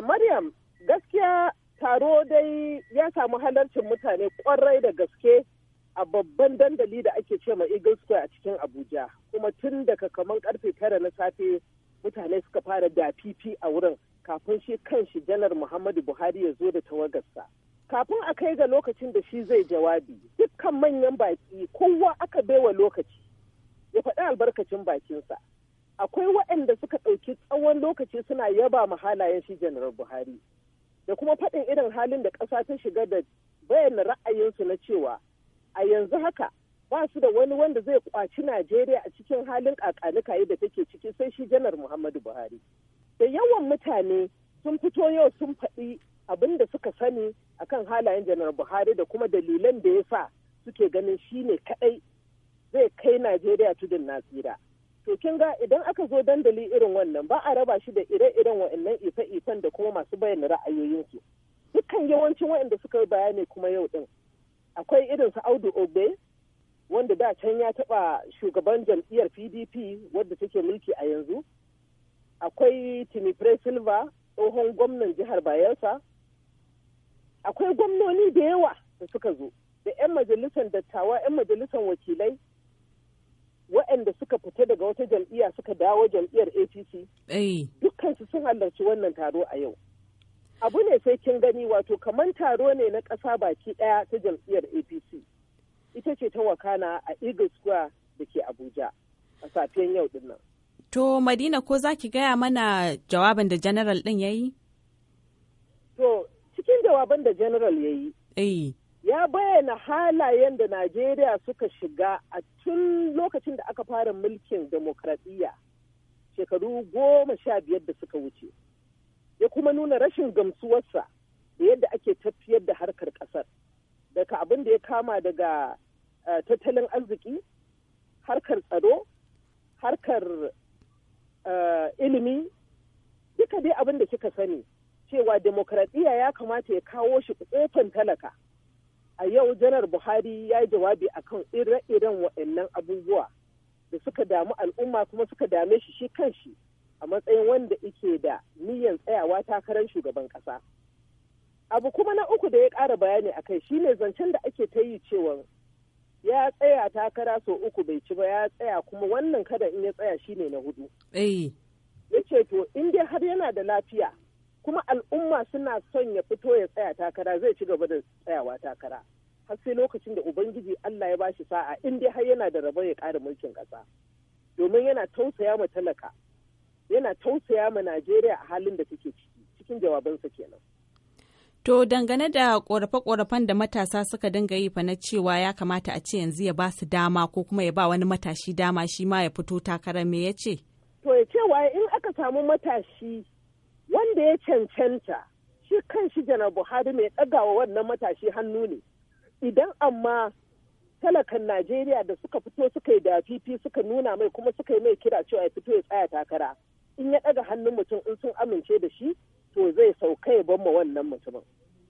Maryam gaskiya taro dai ya samu halarcin mutane kwarai da gaske a babban dandali da ake ce ma Eagle Square a cikin Abuja kuma tun daga kamar karfe tara na safe mutane suka fara da fifi a wurin kafin shi kan shi janar Muhammadu Buhari ya zo da tawagarsa. Kafin a kai ga lokacin da shi zai jawabi dukkan manyan baki kowa aka baiwa lokaci ya faɗi albarkacin bakinsa. akwai waɗanda suka ɗauki tsawon lokaci suna yaba ma halayen shi janar buhari da kuma faɗin irin halin da ƙasa ta shiga da bayyana ra'ayinsu na cewa a yanzu haka ba su da wani wanda zai kwaci najeriya a cikin halin kayi da take ciki sai shi janar muhammadu buhari da yawan mutane sun fito yau sun faɗi abin da suka sani akan halayen janar buhari da kuma dalilan da ya sa suke ganin shi ne kaɗai zai kai najeriya tudun nasira. to kin ga idan aka zo dandali irin wannan ba a raba shi da ire-iren wa'annan ife-ifen da kuma masu bayyana ra'ayoyinsu dukkan yawancin wa'anda suka yi bayani kuma yau din akwai irin su audu obe wanda da can ya taɓa shugaban jam'iyyar pdp wadda take mulki a yanzu akwai tinipre silva tsohon gwamnan jihar bayelsa akwai gwamnoni da yawa da suka zo da 'yan majalisar dattawa 'yan majalisar wakilai waɗanda suka fita daga wata jam'iyya suka dawo jam'iyyar APC dukkansu sun halarci wannan taro a yau. Abu ne sai kin gani wato kamar taro ne na ƙasa baki ɗaya ta jam'iyyar APC. Ita ce ta wakana a Eagle Square da ke Abuja a safiyan yau dinnan. To Madina ko zaki gaya mana jawabin da General ɗin yayi. yi? To cikin jawabin da General yayi. ya bayyana halayen da Najeriya suka shiga a tun lokacin da aka fara mulkin demokradiyya shekaru goma sha biyar da suka wuce. Ya kuma nuna rashin gamsuwarsa da yadda ake tafiyar da harkar ƙasar. Daga abin da ya kama daga eh, tattalin arziki, harkar tsaro, harkar eh, ilimi, duka dai abin da kika sani cewa demokradiyya ya kamata ya kawo shi kofin talaka. a yau janar buhari ya yi jawabi akan ire-iren waɗannan abubuwa da suka damu al'umma kuma suka dame shi shi kan shi a matsayin wanda ike da niyyar tsayawa takarar shugaban ƙasa abu kuma na uku da ya ƙara bayani a kai shine zancen da ake ta yi cewa ya tsaya takara sau uku bai ci ba ya tsaya kuma wannan kada in ya tsaya shine na hudu. Eh. Ya ce to in dai har yana da lafiya kuma al'umma suna son ya fito ya tsaya takara zai ci gaba da tsayawa takara har sai lokacin da ubangiji Allah ya bashi sa'a in dai har yana da rabon ya ƙara mulkin ƙasa domin yana tausaya ma talaka yana tausaya ma Najeriya a halin da take ciki cikin jawabansa kenan To dangane da ƙorafe-ƙorafen da matasa suka dinga yi fa na cewa ya kamata a ce yanzu ya ba su dama ko kuma ya ba wani matashi dama shi ma ya fito takara me ya ce? To ya cewa in aka samu matashi wanda ya cancanta shi kan shi janar buhari mai ɗagawa wannan matashi hannu ne idan amma talakan najeriya da suka fito suka yi da dafifi suka nuna mai kuma suka yi mai kira cewa ya fito ya tsaya takara in ya ɗaga hannun mutum in sun amince da shi to zai sauka ya ma wannan mutumin